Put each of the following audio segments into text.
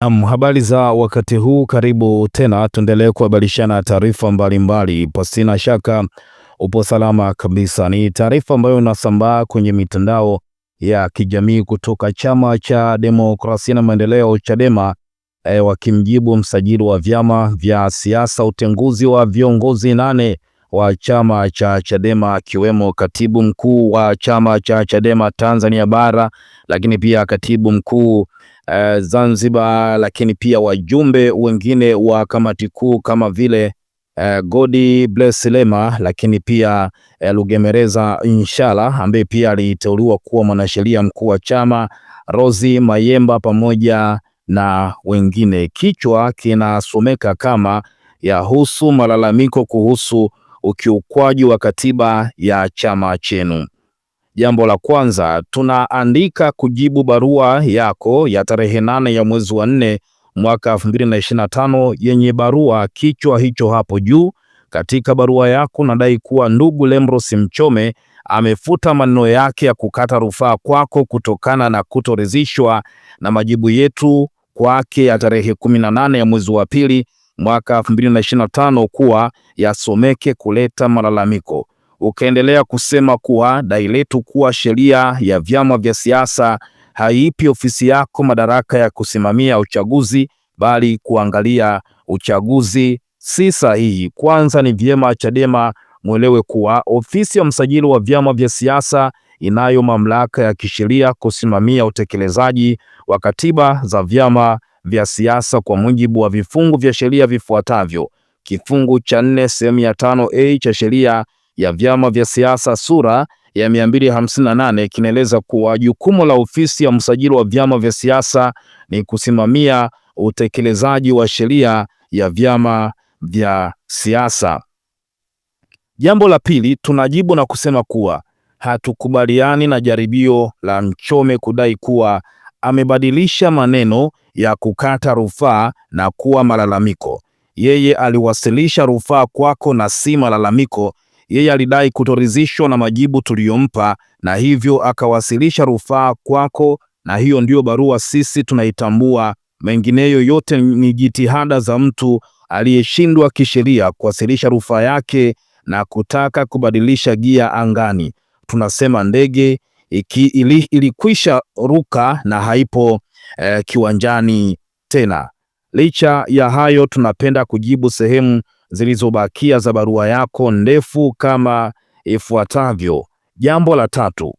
Naam, habari za wakati huu, karibu tena, tuendelee kuhabarishana taarifa mbalimbali. Pasina shaka upo salama kabisa. Ni taarifa ambayo inasambaa kwenye mitandao ya kijamii kutoka Chama cha Demokrasia na Maendeleo Chadema, e, wakimjibu msajili wa vyama vya siasa utenguzi wa viongozi nane wa chama cha Chadema akiwemo katibu mkuu wa chama cha Chadema Tanzania bara, lakini pia katibu mkuu uh, Zanzibar, lakini pia wajumbe wengine wa kamati kuu kama vile uh, Godi Bless Lema, lakini pia uh, Lugemereza Inshala ambaye pia aliteuliwa kuwa mwanasheria mkuu wa chama, Rozi Mayemba pamoja na wengine. Kichwa kinasomeka kama yahusu malalamiko kuhusu ukiukwaji wa katiba ya chama chenu. Jambo la kwanza, tunaandika kujibu barua yako ya tarehe nane ya mwezi wa nne mwaka 2025 yenye barua kichwa hicho hapo juu. Katika barua yako nadai kuwa ndugu lemrosi Mchome amefuta maneno yake ya kukata rufaa kwako kutokana na kutoridhishwa na majibu yetu kwake ya tarehe 18 ya mwezi wa pili mwaka 2025 kuwa yasomeke kuleta malalamiko ukaendelea kusema kuwa dai letu kuwa sheria ya vyama vya siasa haipi ofisi yako madaraka ya kusimamia uchaguzi bali kuangalia uchaguzi si sahihi. Kwanza ni vyema Chadema mwelewe kuwa ofisi ya msajili wa vyama vya siasa inayo mamlaka ya kisheria kusimamia utekelezaji wa katiba za vyama vya siasa kwa mujibu wa vifungu vya sheria vifuatavyo: kifungu cha 4 sehemu ya 5 a cha sheria ya vyama vya siasa sura ya 258 kinaeleza kuwa jukumu la ofisi ya msajili wa vyama vya siasa ni kusimamia utekelezaji wa sheria ya vyama vya siasa. Jambo la pili, tunajibu na kusema kuwa hatukubaliani na jaribio la Mchome kudai kuwa amebadilisha maneno ya kukata rufaa na kuwa malalamiko. Yeye aliwasilisha rufaa kwako na si malalamiko, yeye alidai kutoridhishwa na majibu tuliyompa na hivyo akawasilisha rufaa kwako, na hiyo ndiyo barua sisi tunaitambua. Mengineyo yote ni jitihada za mtu aliyeshindwa kisheria kuwasilisha rufaa yake na kutaka kubadilisha gia angani. Tunasema ndege iki ili, ilikwisha ruka na haipo eh, kiwanjani tena. Licha ya hayo, tunapenda kujibu sehemu zilizobakia za barua yako ndefu kama ifuatavyo. Jambo la tatu,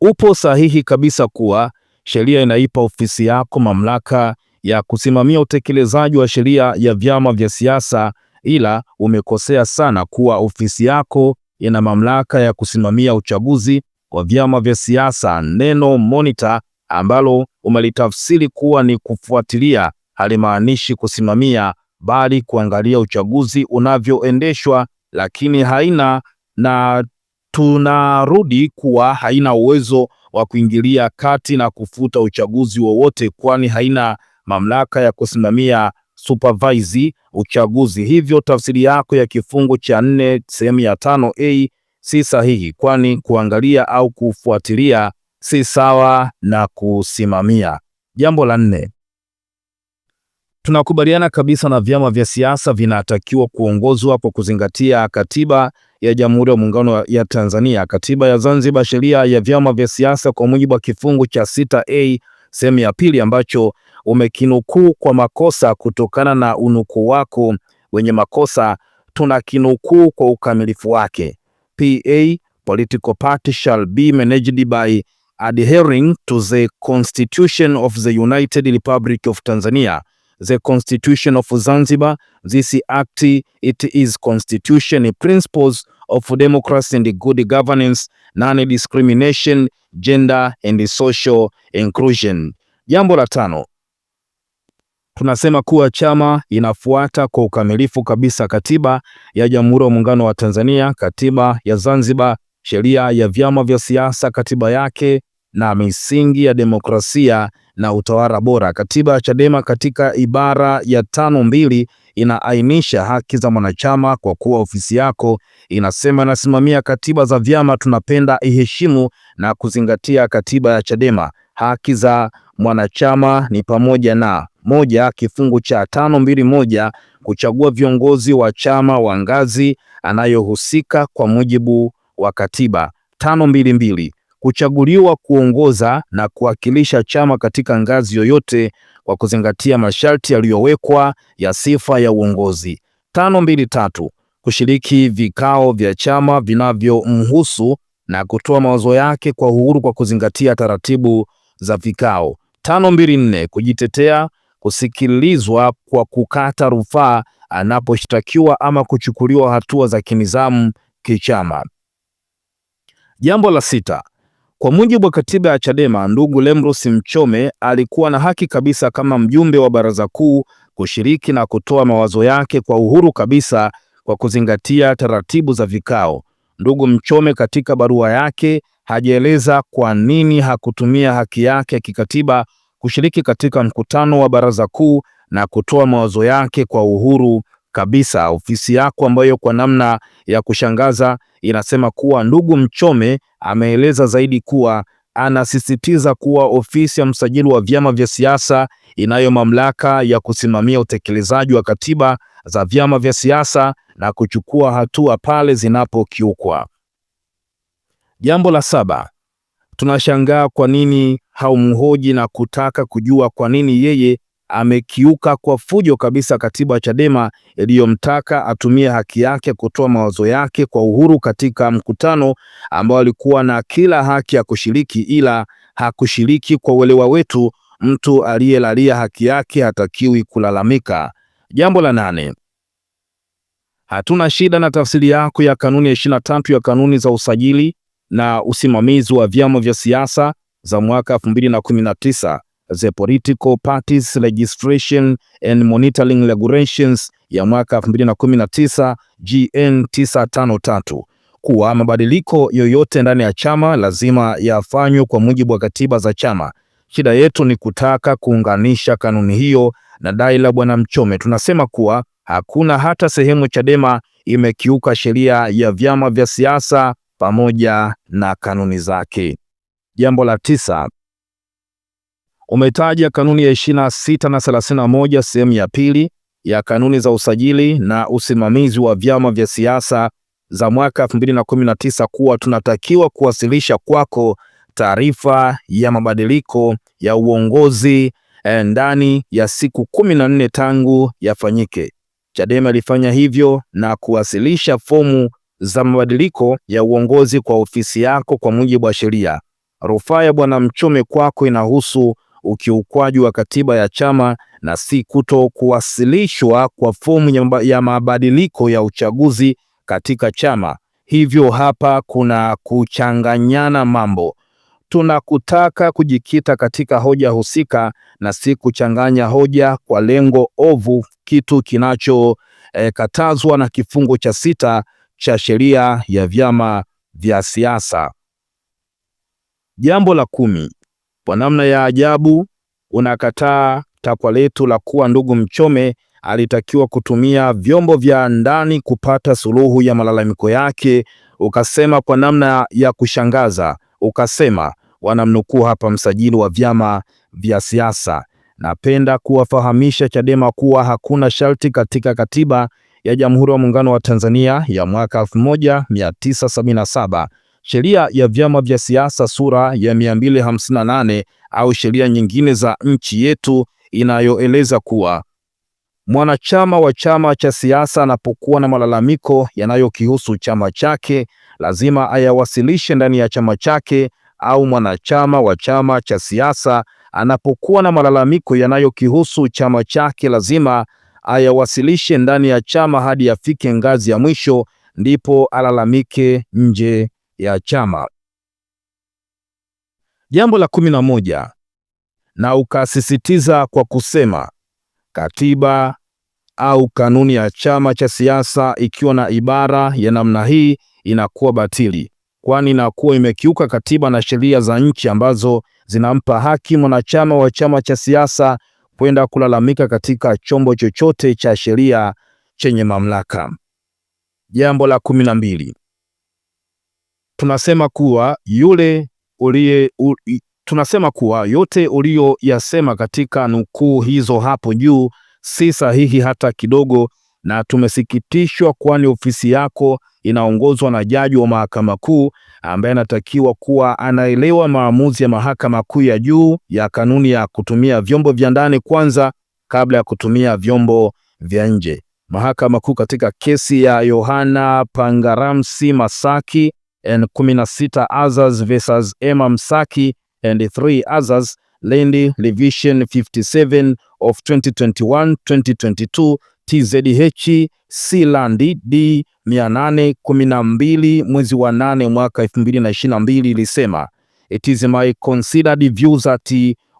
upo sahihi kabisa kuwa sheria inaipa ofisi yako mamlaka ya kusimamia utekelezaji wa sheria ya vyama vya siasa, ila umekosea sana kuwa ofisi yako ina mamlaka ya kusimamia uchaguzi wa vyama vya siasa. Neno monitor ambalo umelitafsiri kuwa ni kufuatilia halimaanishi kusimamia, bali kuangalia uchaguzi unavyoendeshwa, lakini haina na tunarudi kuwa haina uwezo wa kuingilia kati na kufuta uchaguzi wowote, kwani haina mamlaka ya kusimamia supervise uchaguzi. Hivyo tafsiri yako ya kifungu cha nne sehemu ya tano a si sahihi, kwani kuangalia au kufuatilia si sawa na kusimamia. Jambo la nne, Tunakubaliana kabisa na vyama vya siasa vinatakiwa kuongozwa kwa kuzingatia katiba ya Jamhuri ya Muungano ya Tanzania, katiba ya Zanzibar, sheria ya vyama vya siasa kwa mujibu wa kifungu cha 6A sehemu ya pili, ambacho umekinukuu kwa makosa kutokana na unukuu wako wenye makosa, tunakinukuu kwa ukamilifu wake. PA political party shall be managed by adhering to the Constitution of the United Republic of Tanzania the Constitution of Zanzibar. This act it is constitution principles of democracy and good governance, non-discrimination, gender and social inclusion. Jambo la tano, tunasema kuwa chama inafuata kwa ukamilifu kabisa katiba ya Jamhuri ya Muungano wa Tanzania, katiba ya Zanzibar, sheria ya vyama vya siasa, katiba yake na misingi ya demokrasia na utawala bora. Katiba ya Chadema katika ibara ya tano mbili inaainisha haki za mwanachama. Kwa kuwa ofisi yako inasema inasimamia katiba za vyama, tunapenda iheshimu na kuzingatia katiba ya Chadema. Haki za mwanachama ni pamoja na moja, kifungu cha tano mbili moja kuchagua viongozi wa chama wa ngazi anayohusika kwa mujibu wa katiba. tano mbili mbili kuchaguliwa kuongoza na kuwakilisha chama katika ngazi yoyote kwa kuzingatia masharti yaliyowekwa ya sifa ya uongozi. Tano mbili tatu, kushiriki vikao vya chama vinavyomhusu na kutoa mawazo yake kwa uhuru kwa kuzingatia taratibu za vikao. Tano mbili nne, kujitetea, kusikilizwa kwa kukata rufaa anaposhtakiwa ama kuchukuliwa hatua za kinizamu kichama. Jambo la sita, kwa mujibu wa katiba ya Chadema, ndugu lemrosi Mchome alikuwa na haki kabisa kama mjumbe wa baraza kuu kushiriki na kutoa mawazo yake kwa uhuru kabisa kwa kuzingatia taratibu za vikao. Ndugu Mchome katika barua yake hajaeleza kwa nini hakutumia haki yake ya kikatiba kushiriki katika mkutano wa baraza kuu na kutoa mawazo yake kwa uhuru kabisa. Ofisi yako ambayo kwa namna ya kushangaza inasema kuwa ndugu Mchome ameeleza zaidi kuwa anasisitiza kuwa ofisi ya msajili wa vyama vya siasa inayo mamlaka ya kusimamia utekelezaji wa katiba za vyama vya siasa na kuchukua hatua pale zinapokiukwa. Jambo la saba, tunashangaa kwa nini haumhoji na kutaka kujua kwa nini yeye amekiuka kwa fujo kabisa katiba ya Chadema iliyomtaka atumie haki yake kutoa mawazo yake kwa uhuru katika mkutano ambao alikuwa na kila haki ya kushiriki, ila hakushiriki. Kwa uelewa wetu, mtu aliyelalia haki yake hatakiwi kulalamika. Jambo la nane, hatuna shida na tafsiri yako ya kanuni ya 23 ya kanuni za usajili na usimamizi wa vyama vya siasa za mwaka 2019 the Political Parties Registration and Monitoring Regulations ya mwaka 2019 GN 953 kuwa mabadiliko yoyote ndani ya chama lazima yafanywe kwa mujibu wa katiba za chama. Shida yetu ni kutaka kuunganisha kanuni hiyo na dai la Bwana Mchome. Tunasema kuwa hakuna hata sehemu Chadema imekiuka sheria ya vyama vya siasa pamoja na kanuni zake. Jambo la tisa, Umetaja kanuni ya 26 na moja sehemu ya pili ya kanuni za usajili na usimamizi wa vyama vya siasa za mwaka 2019 kuwa tunatakiwa kuwasilisha kwako taarifa ya mabadiliko ya uongozi eh, ndani ya siku 14 tangu yafanyike. Chadema ilifanya hivyo na kuwasilisha fomu za mabadiliko ya uongozi kwa ofisi yako kwa mujibu wa sheria. Rufaa ya Bwana Mchome kwako inahusu ukiukwaji wa katiba ya chama na si kuto kuwasilishwa kwa fomu ya mabadiliko ya uchaguzi katika chama. Hivyo hapa kuna kuchanganyana mambo. Tunakutaka kujikita katika hoja husika na si kuchanganya hoja kwa lengo ovu, kitu kinachokatazwa eh, na kifungu cha sita cha sheria ya vyama vya siasa. Jambo la kumi, kwa namna ya ajabu unakataa takwa letu la kuwa ndugu Mchome alitakiwa kutumia vyombo vya ndani kupata suluhu ya malalamiko yake. Ukasema kwa namna ya kushangaza, ukasema wanamnukuu hapa msajili wa vyama vya siasa, napenda kuwafahamisha Chadema kuwa hakuna sharti katika katiba ya Jamhuri ya Muungano wa Tanzania ya mwaka 1977 Sheria ya vyama vya siasa sura ya 258 au sheria nyingine za nchi yetu inayoeleza kuwa mwanachama wa chama cha siasa anapokuwa na malalamiko yanayokihusu chama chake lazima ayawasilishe ndani ya chama chake, au mwanachama wa chama cha siasa anapokuwa na malalamiko yanayokihusu chama chake lazima ayawasilishe ndani ya chama hadi afike ngazi ya mwisho, ndipo alalamike nje ya chama. Jambo la kumi na moja, na ukasisitiza kwa kusema katiba au kanuni ya chama cha siasa ikiwa na ibara ya namna hii inakuwa batili, kwani inakuwa imekiuka katiba na sheria za nchi ambazo zinampa haki mwanachama wa chama cha siasa kwenda kulalamika katika chombo chochote cha sheria chenye mamlaka. Jambo la kumi na mbili tunasema kuwa yule uliye u, tunasema kuwa yote uliyoyasema katika nukuu hizo hapo juu si sahihi hata kidogo, na tumesikitishwa, kwani ofisi yako inaongozwa na jaji wa mahakama kuu ambaye anatakiwa kuwa anaelewa maamuzi ya mahakama kuu ya juu ya kanuni ya kutumia vyombo vya ndani kwanza kabla ya kutumia vyombo vya nje. Mahakama Kuu katika kesi ya Yohana Pangaramsi Masaki and 16 others versus Emma Msaki and 3 others Lendi Revision 57 of 2021-2022 TZH C Landi D 812 mwezi wa 8 mwaka 2022 ilisema it is my considered view that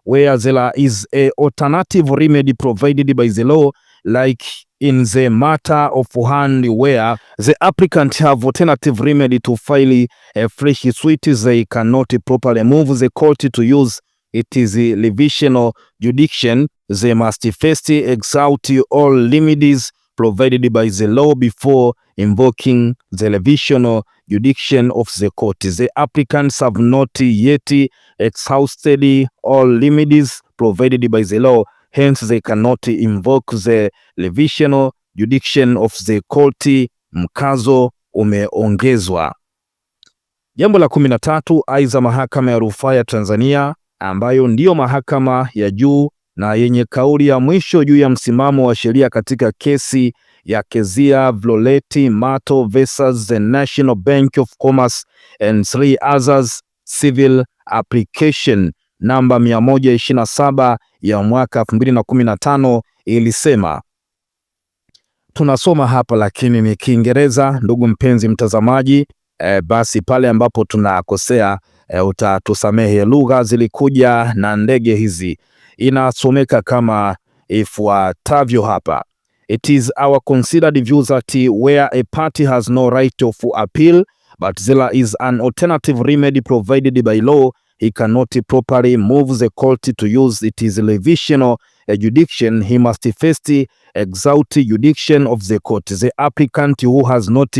where there is a alternative remedy provided by the law like in the matter of hand where the applicant have alternative remedy to file a fresh suit they cannot properly move the court to use it is revisional jurisdiction they must first exhaust all remedies provided by the law before invoking the revisional jurisdiction of the court. The applicants have not yet exhausted all remedies provided by the law hence they cannot invoke the revisional jurisdiction of the court. Mkazo umeongezwa. Jambo la kumi na tatu, aidha mahakama ya rufaa ya Tanzania ambayo ndiyo mahakama ya juu na yenye kauli ya mwisho juu ya msimamo wa sheria katika kesi ya Kezia vloleti Mato versus the National Bank of Commerce and three others civil application namba 127 ya mwaka 2015 ilisema, tunasoma hapa lakini ni Kiingereza, ndugu mpenzi mtazamaji. E, basi pale ambapo tunakosea e, utatusamehe. Lugha zilikuja na ndege hizi, inasomeka kama ifuatavyo hapa It is our considered view that where a party has no right of appeal but there is an alternative remedy provided by law he cannot properly move the court to use it is revisional jurisdiction he must first exalt jurisdiction of the court the applicant who has not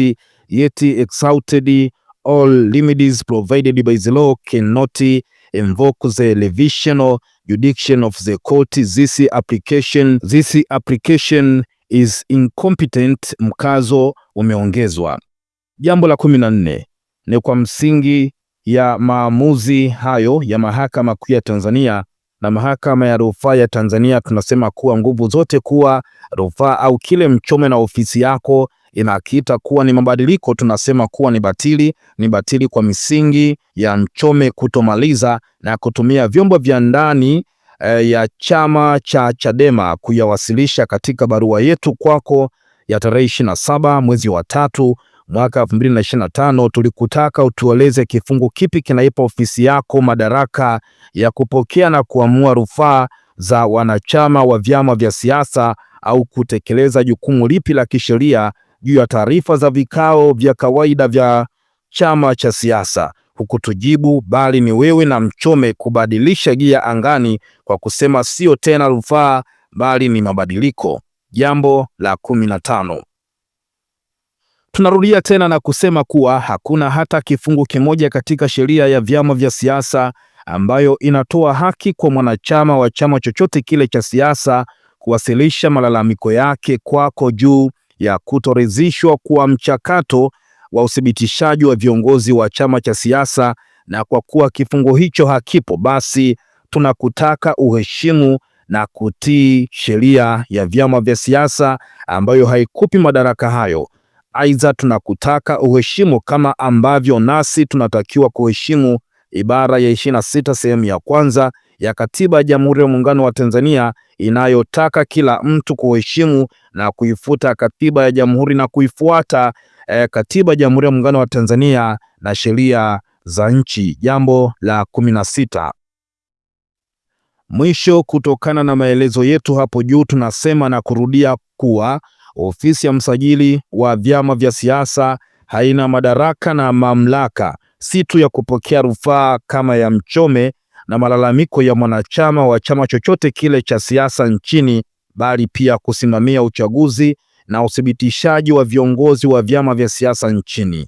yet exalted all limits provided by the law cannot invoke the revisional jurisdiction of the court this application this application is incompetent mkazo umeongezwa jambo la kumi ni kwa msingi ya maamuzi hayo ya Mahakama Kuu ya Tanzania na Mahakama ya Rufaa ya Tanzania, tunasema kuwa nguvu zote kuwa rufaa au kile mchome na ofisi yako inakiita kuwa ni mabadiliko, tunasema kuwa ni batili, ni batili kwa misingi ya mchome kutomaliza na kutumia vyombo vya ndani e, ya chama cha Chadema kuyawasilisha katika barua yetu kwako ya tarehe 27 mwezi wa tatu mwaka 2025 tulikutaka utueleze kifungu kipi kinaipa ofisi yako madaraka ya kupokea na kuamua rufaa za wanachama wa vyama vya siasa au kutekeleza jukumu lipi la kisheria juu ya taarifa za vikao vya kawaida vya chama cha siasa. Hukutujibu bali ni wewe na Mchome kubadilisha gia angani kwa kusema sio tena rufaa bali ni mabadiliko. Jambo la kumi na tano. Tunarudia tena na kusema kuwa hakuna hata kifungu kimoja katika sheria ya vyama vya siasa ambayo inatoa haki kwa mwanachama wa chama chochote kile cha siasa kuwasilisha malalamiko yake kwako juu ya kutoridhishwa kwa mchakato wa uthibitishaji wa viongozi wa chama cha siasa, na kwa kuwa kifungu hicho hakipo, basi tunakutaka uheshimu na kutii sheria ya vyama vya siasa ambayo haikupi madaraka hayo. Aidha, tunakutaka uheshimu kama ambavyo nasi tunatakiwa kuheshimu ibara ya 26 sehemu ya kwanza ya Katiba ya Jamhuri ya Muungano wa Tanzania inayotaka kila mtu kuheshimu na kuifuta Katiba ya Jamhuri na kuifuata eh, Katiba ya Jamhuri ya Muungano wa Tanzania na sheria za nchi. Jambo la 16. Mwisho, kutokana na maelezo yetu hapo juu, tunasema na kurudia kuwa Ofisi ya msajili wa vyama vya siasa haina madaraka na mamlaka si tu ya kupokea rufaa kama ya Mchome na malalamiko ya mwanachama wa chama chochote kile cha siasa nchini, bali pia kusimamia uchaguzi na uthibitishaji wa viongozi wa vyama vya siasa nchini.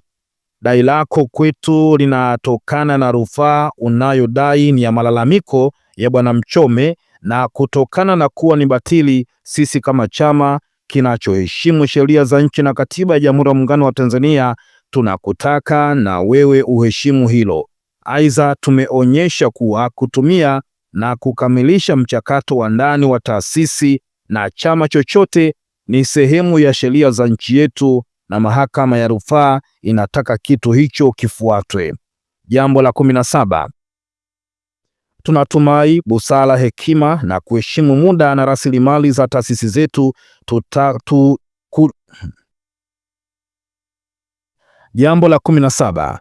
Dai lako kwetu linatokana na rufaa unayodai ni ya malalamiko ya bwana Mchome, na kutokana na kuwa ni batili, sisi kama chama kinachoheshimu sheria za nchi na katiba ya Jamhuri ya Muungano wa Tanzania. Tunakutaka na wewe uheshimu hilo. Aidha, tumeonyesha kuwa kutumia na kukamilisha mchakato wa ndani wa taasisi na chama chochote ni sehemu ya sheria za nchi yetu na mahakama ya rufaa inataka kitu hicho kifuatwe. Jambo la 17 Tunatumai busara, hekima na kuheshimu muda na rasilimali za taasisi zetu tutatu ku... Jambo la 17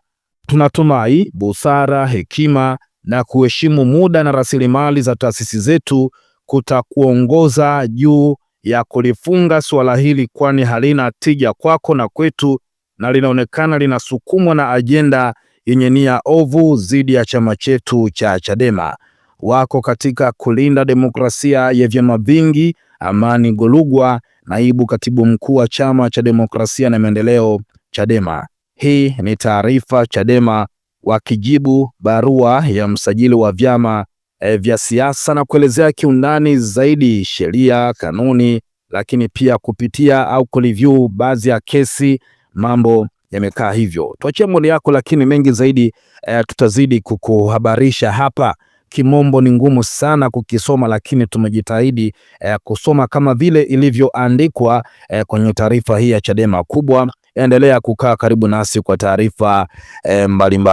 tunatumai busara, hekima na kuheshimu muda na rasilimali za taasisi zetu kutakuongoza juu ya kulifunga suala hili, kwani halina tija kwako na kwetu, na linaonekana linasukumwa na ajenda yenye nia ovu dhidi ya chama chetu cha Chadema. Wako katika kulinda demokrasia ya vyama vingi. Amani Golugwa, naibu katibu mkuu wa chama cha demokrasia na maendeleo Chadema. Hii ni taarifa Chadema wakijibu barua ya msajili wa vyama e, vya siasa na kuelezea kiundani zaidi sheria, kanuni, lakini pia kupitia au kureview baadhi ya kesi, mambo yamekaa hivyo. Tuachie maoni yako, lakini mengi zaidi eh, tutazidi kukuhabarisha hapa. Kimombo ni ngumu sana kukisoma, lakini tumejitahidi eh, kusoma kama vile ilivyoandikwa eh, kwenye taarifa hii ya Chadema kubwa. Endelea kukaa karibu nasi kwa taarifa eh, mbalimbali.